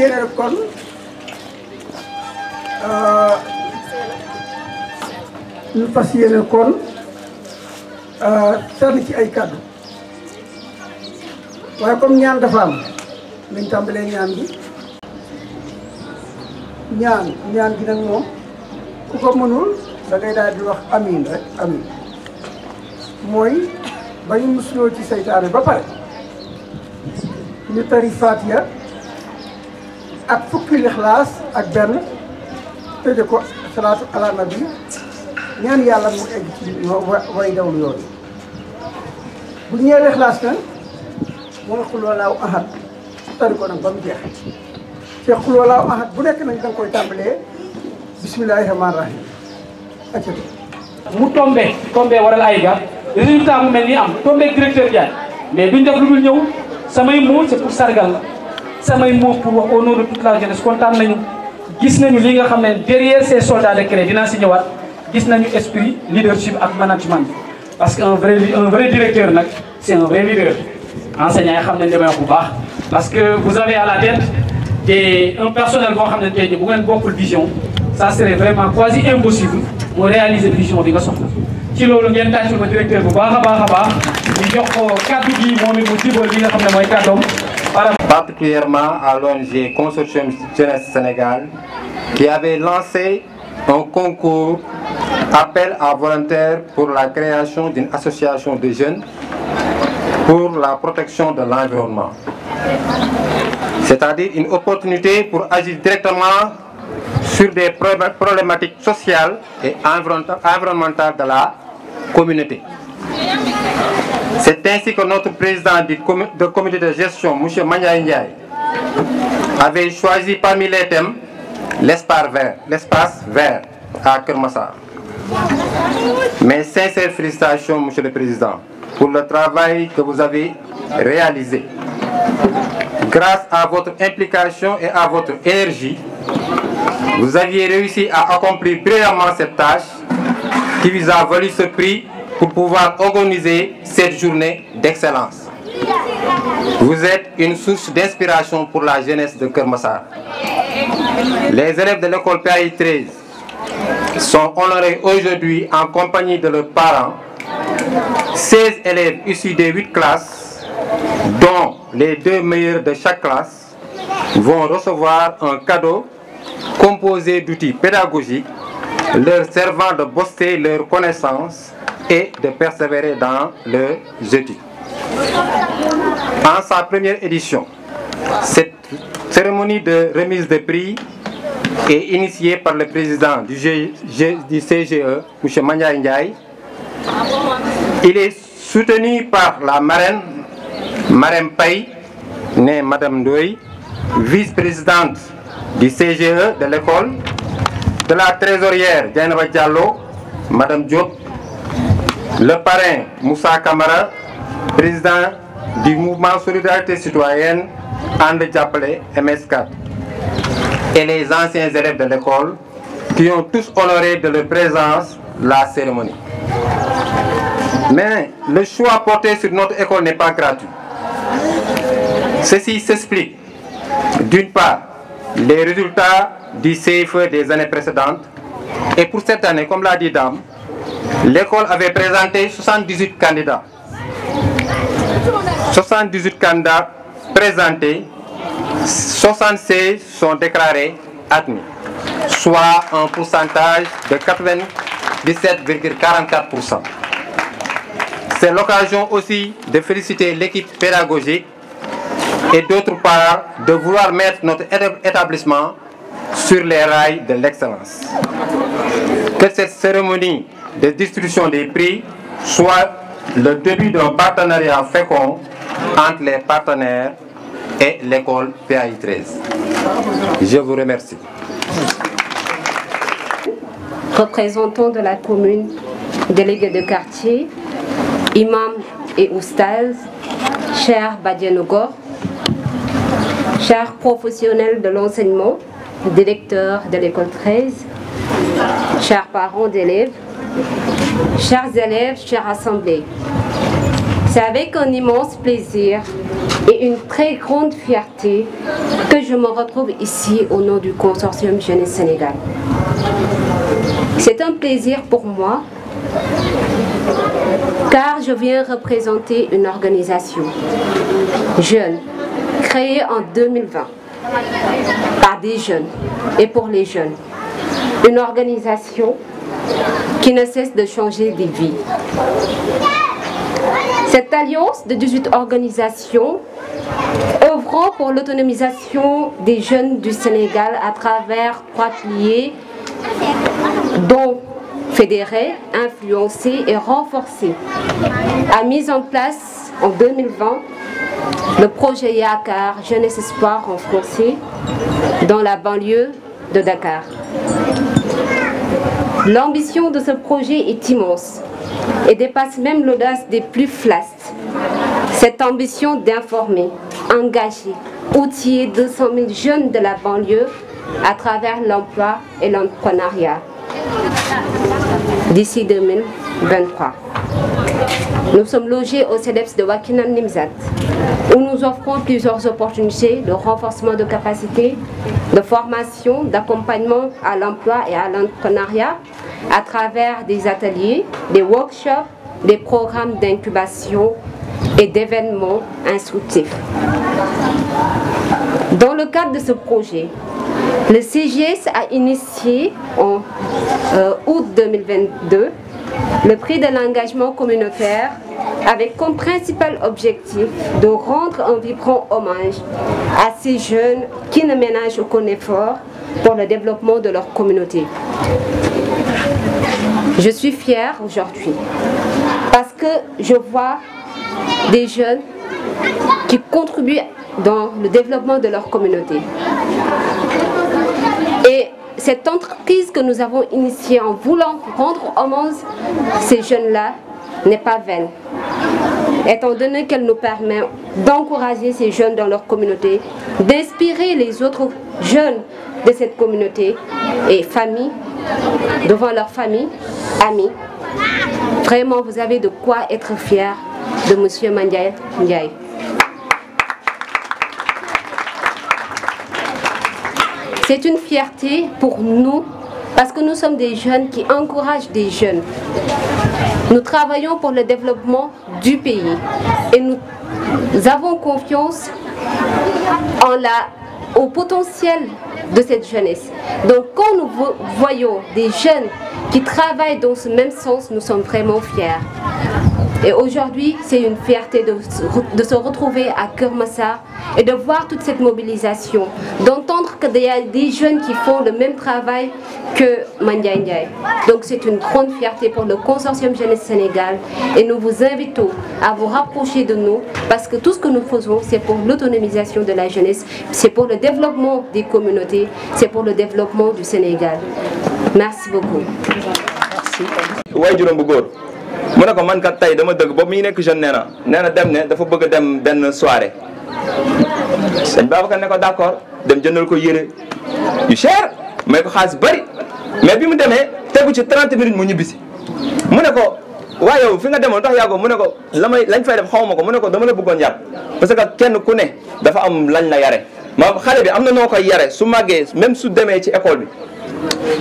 téere kon ñu eh, fas yéene kon eh, sànni ci ay kàddu waaye comme ñaan dafa am nañ tàmbalee ñaan gi ñaan ñaan gi nag moom ku ko mënul da ngay daal di wax amin rek amin Moy, ba ñu musloo ci seytaane ba pare ñu tari faatiya ak fukki lixlaas ak benn tëje ko salaatu ala ñaan yàlla mu egg ci way dawlu yooyu bu ñëwee lixlaas nag mooy xulóolaaw ahad tari ko nag ba mu te xulóolaaw ahad bu nekk nag da nga koy tàmbalee bismillahi rahmaani rahim accato mu tombe tombe waral ay ga résultat mu mel ni am tombe directeur Diagne mais duñ def lu dul ñëw samay mots c'est pour sargal samay mots pour wax au nom de toute la jeunesse kontaan nañu gis nañu li nga xam ne derrière ces soldats de craie dinaa si ñëwaat gis nañu esprit leadership ak management parce que un vrai un vrai directeur nag c'est un vrai leader enseignant yi xam nañ damay bu baax parce que vous avez à la tête des un personnel boo xam ne tey jii bu ngeen bokkul vision ça serait vraiment quasi impossible mu réaliser vision bi nga soxla ci loolu ngeen tàccul ma directeur bu baax a baax a baax ñu jox ko kàddu gi moom it mu jibal li nga xam ne mooy kàddoom particulièrement à l'ONG Consortium Jeunesse Sénégal, qui avait lancé un concours appel à volontaires pour la création d'une association de jeunes pour la protection de l'environnement. C'est-à-dire une opportunité pour agir directement sur des problématiques sociales et environnementales de la communauté. C'est ainsi que notre président du comité de gestion, M. Mania Ndiaye, avait choisi parmi les thèmes l'espace vert, à Kermassa. Mes sincères félicitations, Monsieur le Président, pour le travail que vous avez réalisé. Grâce à votre implication et à votre énergie, vous aviez réussi à accomplir brillamment cette tâche qui vous a valu ce prix pour pouvoir organiser cette journée d'excellence. Vous êtes une source d'inspiration pour la jeunesse de Kermassar. Les élèves de l'école PAI 13 sont honorés aujourd'hui en compagnie de leurs parents. 16 élèves issus des 8 classes, dont les deux meilleurs de chaque classe, vont recevoir un cadeau composé d'outils pédagogiques leur servant de bosser leurs connaissances et de persévérer dans le études. En sa première édition, cette cérémonie de remise de prix est initiée par le président du, CGE, M. Ndiaye. Il est soutenu par la marraine, marraine Paye, née Madame vice-présidente du CGE de l'école, de la trésorière Diane Diallo, Madame Diop, le parrain Moussa Kamara, président du mouvement Solidarité Citoyenne André Diapelé, MS4 et les anciens élèves de l'école qui ont tous honoré de leur présence la cérémonie. Mais le choix porté sur notre école n'est pas gratuit. Ceci s'explique d'une part les résultats du CFE des années précédentes et pour cette année, comme l'a dit Dame, L'école avait présenté 78 candidats. 78 candidats présentés, 66 sont déclarés admis, soit un pourcentage de 97,44%. C'est l'occasion aussi de féliciter l'équipe pédagogique et d'autre part de vouloir mettre notre établissement sur les rails de l'excellence. Que cette cérémonie de distribution des prix, soit le début d'un partenariat fécond entre les partenaires et l'école PAI 13. Je vous remercie. Représentants de la commune, délégués de quartier, imam et oustaz, chers Badianogor, chers professionnels de l'enseignement, directeur de l'école 13, chers parents d'élèves, Chers élèves, chers assemblées, c'est avec un immense plaisir et une très grande fierté que je me retrouve ici au nom du consortium Jeunesse Sénégal. C'est un plaisir pour moi car je viens représenter une organisation jeune créée en 2020 par des jeunes et pour les jeunes. Une organisation qui ne cesse de changer des vies. Cette alliance de 18 organisations œuvrant pour l'autonomisation des jeunes du Sénégal à travers trois piliers dont fédérer, influencer et renforcer a mis en place en 2020 le projet Yakar Jeunesse Espoir en français dans la banlieue de Dakar. L'ambition de ce projet est immense et dépasse même l'audace des plus flastes. Cette ambition d'informer, engager, outiller 200 000 jeunes de la banlieue à travers l'emploi et l'entrepreneuriat d'ici 2023. Nous sommes logés au CEDEPS de Wakinan Nimzat, où nous offrons plusieurs opportunités de renforcement de capacités, de formation, d'accompagnement à l'emploi et à l'entrepreneuriat à travers des ateliers, des workshops, des programmes d'incubation et d'événements instructifs. Dans le cadre de ce projet, le CGS a initié en euh, août 2022 le prix de l'engagement communautaire avec comme principal objectif de rendre un vibrant hommage à ces jeunes qui ne ménagent aucun effort pour le développement de leur communauté. Je suis fière aujourd'hui parce que je vois des jeunes qui contribuent dans le développement de leur communauté cette entreprise que nous avons initiée en voulant rendre hommage à ces jeunes-là n'est pas vaine, étant donné qu'elle nous permet d'encourager ces jeunes dans leur communauté, d'inspirer les autres jeunes de cette communauté et famille, devant leur famille, amis. Vraiment, vous avez de quoi être fier de M. Mandiaï. C'est une fierté pour nous parce que nous sommes des jeunes qui encouragent des jeunes. Nous travaillons pour le développement du pays et nous avons confiance en la, au potentiel de cette jeunesse. Donc quand nous voyons des jeunes qui travaillent dans ce même sens, nous sommes vraiment fiers. Et aujourd'hui, c'est une fierté de, se retrouver à Kermassar et de voir toute cette mobilisation, d'entendre qu'il y a des jeunes qui font le même travail que Mandia Ndiaye. Donc c'est une grande fierté pour le consortium Jeunesse Sénégal et nous vous invitons à vous rapprocher de nous parce que tout ce que nous faisons, c'est pour l'autonomisation de la jeunesse, c'est pour le développement des communautés, c'est pour le développement du Sénégal. Merci beaucoup. Merci. mu ne ko man kat tey dama dëgg boobu mi ngi nekk jeune nena nee na dem ne dafa bëgga dem benn soirée. sëñ Babacar ne ko d' accord dem jëndal ko yére yu cher may ko xaalis bëri mais bi mu demee tegu ci 30 minutes mu ñibbisi mu ne ko. waaye yow fi nga demoon tax yàggoo mu ne ko la may lañ fay def xaw ma ko mu ne ko dama la bëggoon yar parce que kenn ku ne dafa am lañ la yare ma xale bi am na noo koy yare su màggee même su demee ci école bi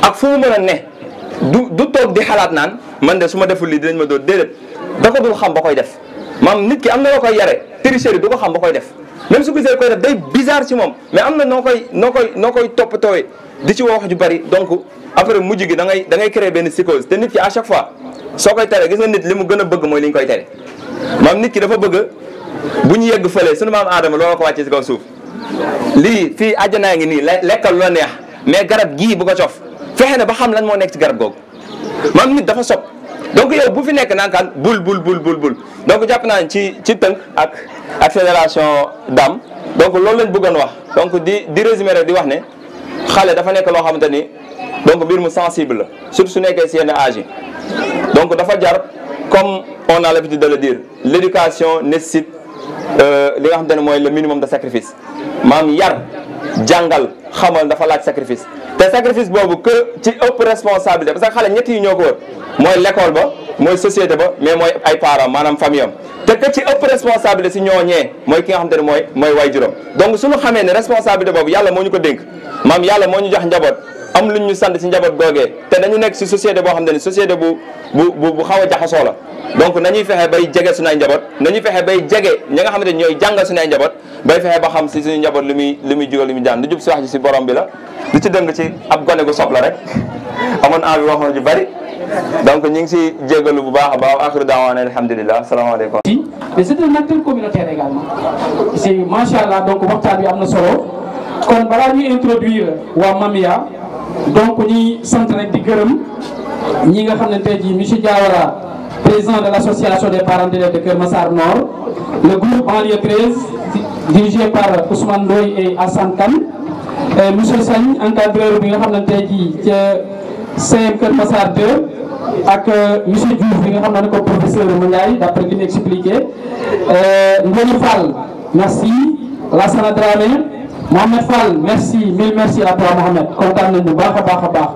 ak fu mu mën ne du du toog di xalaat naan man de su ma deful lii dinañ ma doon déedéet da ko dul xam ba koy def maam nit ki am na loo koy yare tricherie du ko xam ba koy def même su gisee koy def day bizarre ci moom mais am na noo koy noo koy noo koy toppatooy di ci wax ju bari donc après mujj gi da ngay da ngay créer benn psychose te nit ki à chaque fois soo koy tere gis nga nit li mu gën a bëgg mooy li ñu koy tere maam nit ki dafa bëgg bu ñu yegg fële sunu maam aadama looloo ko wàccee si kaw suuf lii fii àjjanaa ngi nii lekkal lu neex mais garab gii bu ko cof fexe na ba xam lan moo nekk ci garab googu maanaam nit dafa sob donc yow bu fi nekk naan kaan bul bul bul bul bul donc jàpp naa ci ci tënk ak ak fédération dam donc loolu lañ bëggoon wax donc di di résumé di wax ne xale dafa nekk loo xamante ni donc mbir mu sensible la surtout su nekkee si yenn âge donc dafa jar comme on a l'habitude de le dire l'éducation nécessite euh, li nga xamante ne mooy le minimum de sacrifice maam yar jàngal xamal dafa laaj sacrifice mais sacrifice boobu que ci ëpp responsabilité parce que xale ñett yi ñoo ko wër mooy l'école ba mooy société ba mais mooy ay parents maanaam famille am te que ci ëpp responsabilité si ñooñee mooy ki nga xamante ne mooy mooy waajuram donc suñu xamee ne responsabilité boobu yàlla moo ñu ko dénk maam yàlla moo ñu jox njaboot am lu ñu sant si njaboot googee te na ñu nekk si société boo xam ne société bu bu bu xaw a jaxasoo la donc nañuy fexe bay jege suñu ay njaboot nañuy fexe bay jege ñi nga xamante ne ñooy jàngal suñu ay njaboot bay fexe ba xam si suñu njaboot li muy li muy jugal muy jaan lu jub si wax ji si borom bi la lu ci dëng ci ab gone gu sob rek amoon envie wax na ju bari donc ñu ngi si jégalu bu baax a baax axiru daawaana alhamdulilah salaamaaleykum. mais c'est un acteur communautaire également si macha allah donc waxtaan bi am na solo kon balaa ñuy introduire waa Mamia donc ñi sant rek di gërëm ñi nga xam ne tey jii monsieur Diawara président de l' association des parents d'élèves de Kër Massar Nord le groupe dirigé par Ousmane Ndoye et Assane Kane monsieur Sagne encadreur bi nga xam ne tey jii ca CM Kër ak euh, monsieur Diouf bi nga xam ne ko professeur Mandiaye d'après li mu expliqué Ngonou Fall merci Lassana Dramé Mohamed Fall merci mille merci à toi Mohamed kontaan nañu baax a baax a baax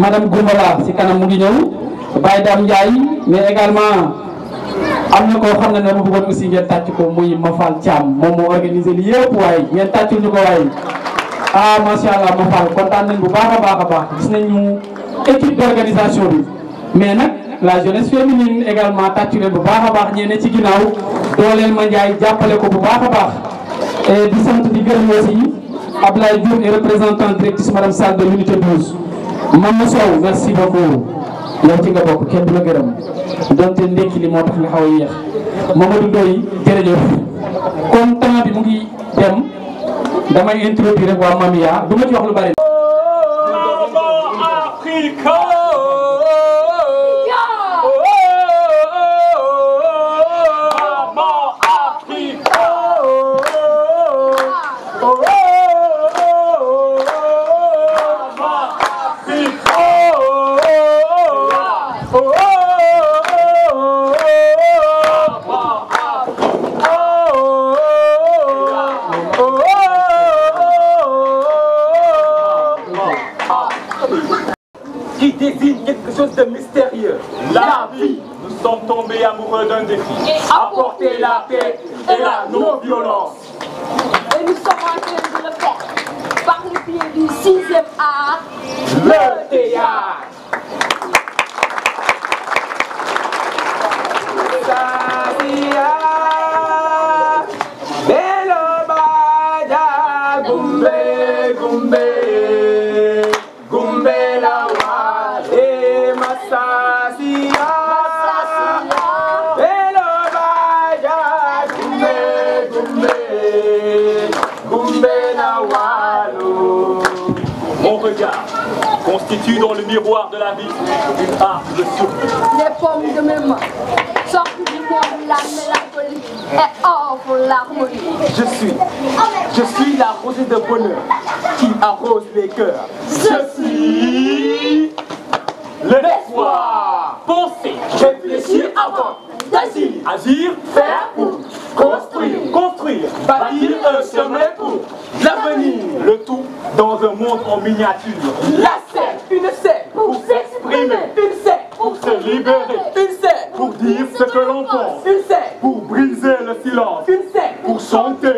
madame Goumbala si kanam mu ngi ñëw Baye Dame Ndiaye mais également am na koo xam ne ne ma bëggoon aussi ngeen tàcc ko muy Mafal Thiam moom moo organisé li yëpp waaye ngeen tàccul ñu ko waaye ah macha allah Mafal kontaan nañ bu baax a baax a baax gis nañu équipe d'organisation bi mais nag la jeunesse féminine également tàcc leen bu baax a baax ñeene ci ginnaaw dooleel ma Ndiaye jàppale ko bu baax a baax et di sant di gërëm aussi Ablaye Diouf et représentant directrice madame Sall de l'unité 12 Mamadou Sow merci beaucoup. yow ci nga bokk kenn du la gërëm donte ndekki moo tax nga xaw a yéex Mamadou Ndoye jërëjëf comme temps bi mu ngi dem damay introduire rek waa Mamia du ma ci wax lu bari. tomber tombés amoureux d'un défi. Apporter la paix et la non-violence. Je suis la rosée de bonheur qui arrose les cœurs. Je suis l'espoir. Penser, réfléchir avant d'agir. Agir, faire pour construire, construire, bâtir un chemin pour l'avenir. Le tout dans un monde en miniature. La scène, une scène pour s'exprimer, une scène pour se libérer, une scène pour dire ce que l'on pense, une scène pour briser le silence, une scène pour chanter.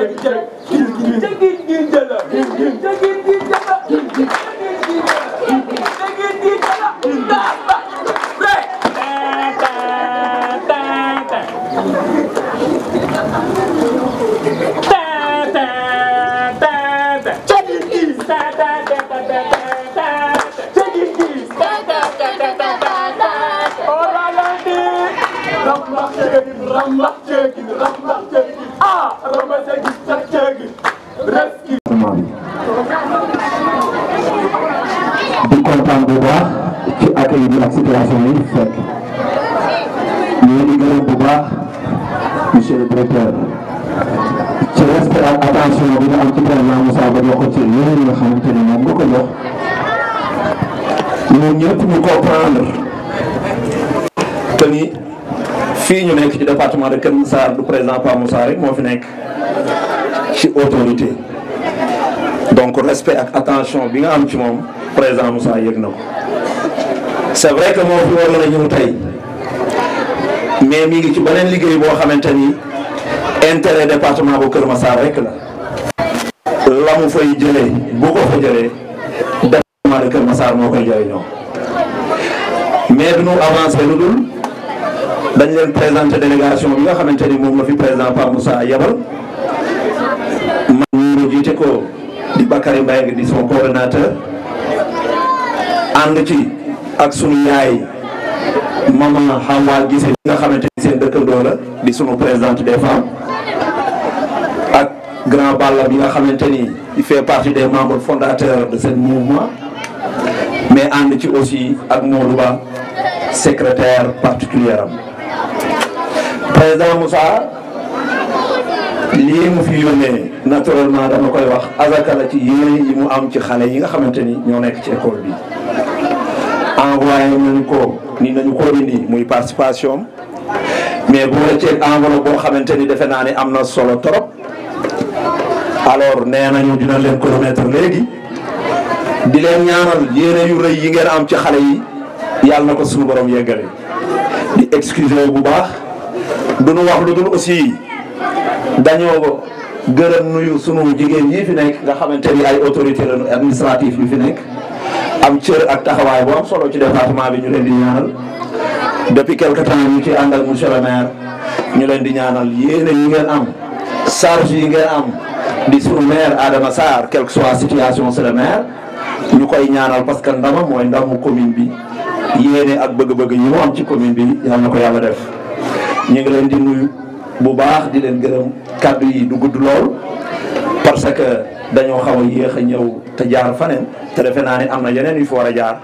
gelecek. Gül gül de gül gül de la. Gül gül de gül gül de la. Gül gül de gül gül de la. Gül gül de gül de la. Gül gül de Ramla, Ramla. xamante ne moom nga ko jox ñun ñëpp ñu comprendre que ni fii ñu nekk ci département de Kër Massar du président Pa Moussa rek moo fi nekk ci autorité donc respect ak attention bi nga am ci moom président Moussa yëg na c'est vrai que moo fi waroon a ñëw tey mais mi ngi ci beneen liguey bo xamanteni intérêt département bu Kër Massar rek la lamu fay jëlé boo ko fa jëlee département de Kër moo koy jëriñoo mais du ñu avancé lu dul dañ leen présenté délégation bi nga xamante ni moom la fi président Pape Moussa yabal man mii ma jiite ko di Bakary Mbaye di son coordonnateur ànd ci ak sunu yaay maman Hawa Gissé bi nga xamante ni seen dëkkandoo la di sunu présidente des femmes. grand Balla bi nga xamanteni il fait partie des membres fondateurs de ce mouvement mais and ci aussi ak Modou secrétaire particulier président Moussa lii mu fi naturellement dama koy wax azaka la ci yéene yi mu am ci xalé yi nga xamanteni ni ñoo nekk ci école bi envoyé nañu ko ni nañu ko indi muy participation mais bu la ceeg enveloppe bo xamanteni defé defe naa ne solo trop alors nee nañu dina leen ko remettre léegi di leen ñaanal yéene yu rëy yi ngeen am ci xale yi yàlla na ko suñu borom yeggale di excuser bu baax du nu wax lu dul aussi dañoo gërëm nuyu sunu jigéen yi fi nga xamante ni ay autorité lañu administrative yi fi am cër ak taxawaay bu am solo ci département bi ñu leen di ñaanal depuis quelque temps ci ànd ak monsieur ñu leen di ñaanal yéene yi ngeen am charge yi ngeen am di sunu maire Adama Sarr quelle que soit situation c'est le maire ñu koy ñaanal parce que ndama mooy ndamu commune bi yéene ak bëgg-bëgg yi mu ci commune bi yal na ko yàlla def ñu ngi leen di nuyu bu baax di leen gërëm kàddu yi du gudd lool parce que dañoo xaw a yéex a ñëw te jaar faneen te defe naa ne am na yeneen yu fi war a jaar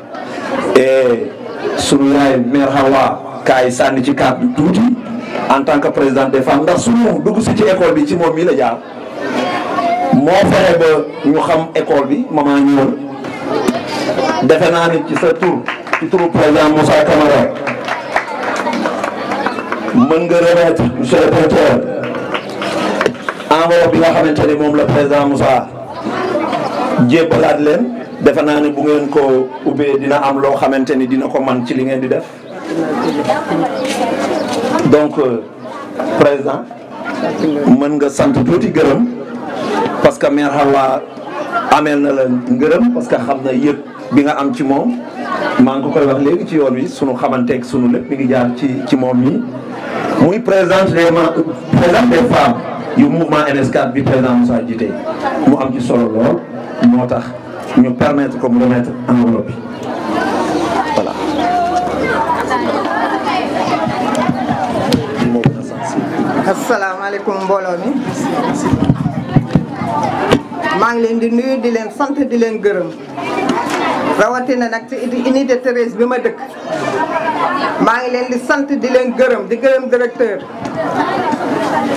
et sunu yaay maire Hawa kaay sànni ci kàddu tuuti en tant que présidente des femmes ndax sunu dugg si ci école bi ci moom mii la jaar. moo fexe ba ñu xam école bi maman ñëwoon defe naa ni ci sa tur ci turu président Moussa Camara mën nga remettre monsieur le directeur moom la président Moussa jébbalaat defe naa ni bu ngeen ko ubbee dina am loo xamante ni dina ko man ci li ngeen di def donc euh, président mën nga sant tuuti gërëm parce que mère Hawa ameel na la ngërëm parce que xam na yëg bi nga am ci moom maa ngi ko koy wax léegi ci yoon wi suñu xamanteeg sunu lépp mi ngi jaar ci ci moom mi muy présence des présence des femmes yu mouvement NSK bi président Moussa jiite mu am ci solo lool moo tax ñu permettre ko mu remettre bi maa ngi leen di nuyu di leen sant di leen gërëm rawatina nag ci unité 13 bi ma dëkk maa ngi leen di sant di leen gërëm di gërëm directeur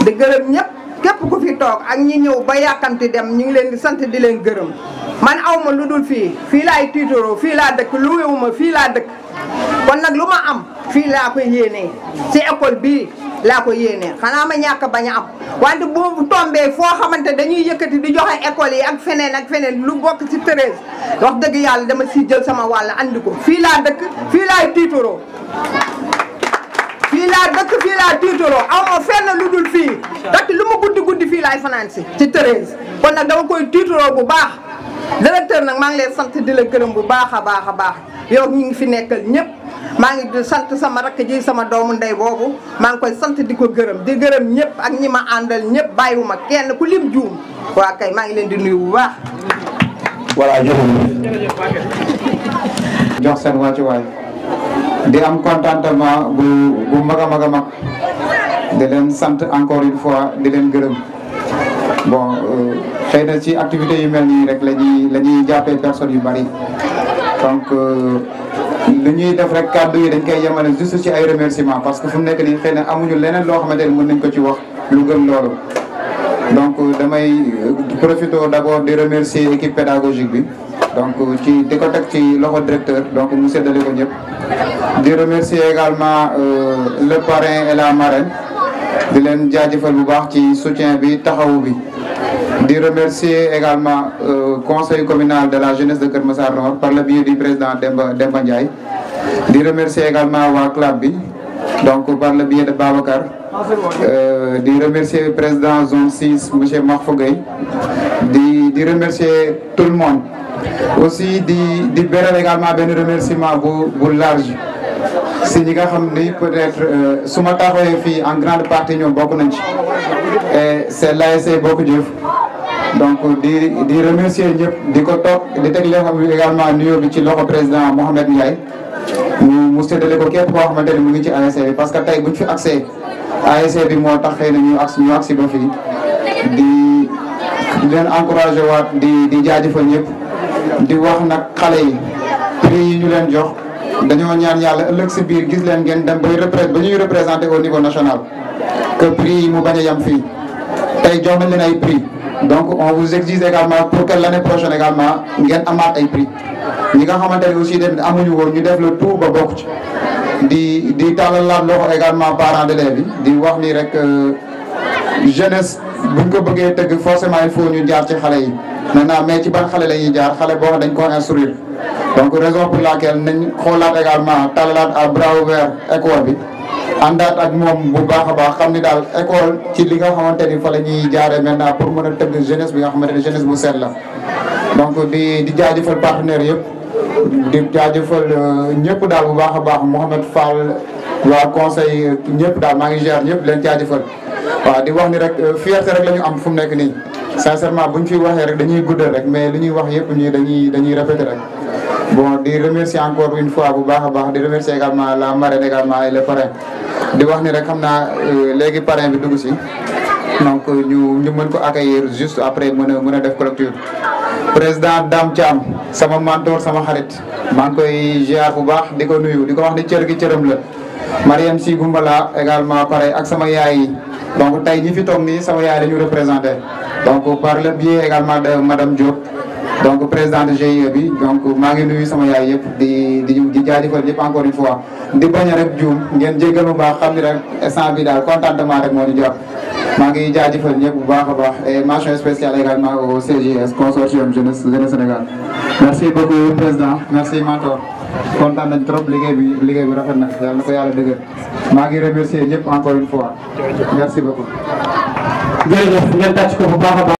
di gërëm ñëpp képp ku fi toog ak ñi ñëw ba yàkkamti dem ñu ngi leen di sant di leen gërëm man awma lu dul fii fii laay tiitoroo fii laa dëkk lu wewuma fii laa dëkk kon nag lu ma am fii laa ko yéenee si école bii laa ko yéenee xanaa ma ñàkk bañ a am wante boobu tombee foo xamante dañuy yëkkati di joxe école yi ak feneen ak feneen lu bokk si treize wax dëgg yàlla dama si jël sama wàll andi ko fii laa dëkk fii laay tiituroo fii laa dëkk fii laa tiituroo aw ma fenn lu dul fii dat lu ma guddi guddi fii laay fanaan si ci treize kon nag dama koy tiituroo bu baax directeur nag maa ngi leen sant di la gërëm bu baax a baax a baax yow ñu ngi fi nekkal ñëpp maa ngi sant sama rakk ji sama doomu ndey boobu maa ngi koy sant di ko gërëm di gërëm ñëpp ak ñi ma àndal ñëpp bàyyiwuma kenn ku lim juum waa kay maa ngi leen di nuyu bu baax. voilà jërëjëf. jox seen wàccuwaay di am contentement bu bu mag a mag a mag di leen sant encore une fois di leen gërëm bon. Euh, xëy na ci activité yu mel nii rek la ñuy la ñuy jàppee personnes yu bari donc euh, ñuy def rek kàddu yi dañ koy yemale juste ci ay remerciements parce que fu mu nekk nii xëy na amuñu leneen loo xamante ni mun nañ ko ci wax lu gën loolu. donc euh, damay euh, profité d'abord di remercier équipe pédagogique bi donc ci di ko teg ci loxo directeur donc mu séddale ko ñëpp. di remercier également le parrain et la marraine di leen jaajëfal bu baax ci soutien bi taxawu bi. Je remercie également le euh, conseil communal de la jeunesse de Kermassar Nord par le biais du président Demba Demba Ndiaye également Waklabi, donc par le biais de Babacar euh, remercie le président zone 6 M. Mahfou Je remercie tout le monde aussi remercie également un remerciement pour, large si nous nga peut-être euh, en grande partie ñoom bokk nañ et c'est l'ASC Bokk Jëf donc di di remercier ñëpp di ko toog di teg leen xam également nuyoo bi ci loxo président Mohamed Ndiaye ñu mu séddale ko képp koo xamante ni mu ngi ci ASC parce que tey buñ fi accès ASC bi moo tax xëy na ñu accès ñu accès ba fii di leen encouragé waat di di jaajëfal ñëpp di wax na xale yi prix yi ñu leen jox dañoo ñaan yàlla ëllëg si biir gis leen ngeen dam bay repré ba ñuy représenté au niveau national que prix yi mu bañ a yem fii tey donc on vous exige également pour que l'année prochaine également ngeen amaat ay prix ñi nga on a aussi des amuñu nous ñu def le tout ba bokk ci di également parents d'élèves bi di wax ni rek euh, jeunesse buñ ko bëggee tëgg forcément il faut ñu jaar ci xale yi mais ci ban xale la ñuy jaar xale boo xam dañ ko instruire donc raison pour laquelle nañ xoolaat également tàllalaat à bras ouvert école bi àndaat ak moom bu baax a baax xam ni daal école ci li nga xamante ni fa la ñuy jaaree maintenant pour mën a tëgg jeunesse bi nga xamante ni jeunesse bu set la. donc di di jaajëfal partenaires yëpp di jaajëfal euh, ñëpp daal bu baax a baax Mouhamed Fall waa conseil ñëpp daal maa ngi gérer ñëpp leen jaajëfal. waaw di wax ni rek euh, fierté rek la ñu am fu mu nekk nii sincèrement buñ fi waxee rek dañuy guddal rek mais li wax yëpp ñii dañuy dañuy répété rek. bon di remercier encore une fois bu baax a baax di remercier également la marraine également et les parrains di wax ni rek xam naa euh, léegi parrain bi dugg si donc euh, ñu ñu ko accueillir juste après mën a mën a def collecture président Dame Thiam sama mentor sama xarit maa ngi koy ziar bu baax di ko nuyu di ko wax ni cër gi cëram la Mariam Sy Goumbala également pareil ak sama yaay yi donc tey ñi fi toog nii sama yaay la ñu représenté donc par le biais également de madame donc président de GIE bi donc maa ngi nuyu sama yaay yëpp di di di jaajëfal ñëpp encore une fois di bañ a rek juum ngeen jéggal bu baax xam ni rek instant bi daal contentement rek moo ñu jot maa ngi jaajëfal ñëpp bu baax a baax et mention spéciale également au CJS s jeunesse jeunesse Sénégal merci beaucoup président merci mentor kontaan nañ trop liggéey bi liggéey bi rafet na yàlla na ko yàlla dëgër maa ngi remercier ñëpp encore une fois merci beaucoup jërëjëf ngeen tàcc ko bu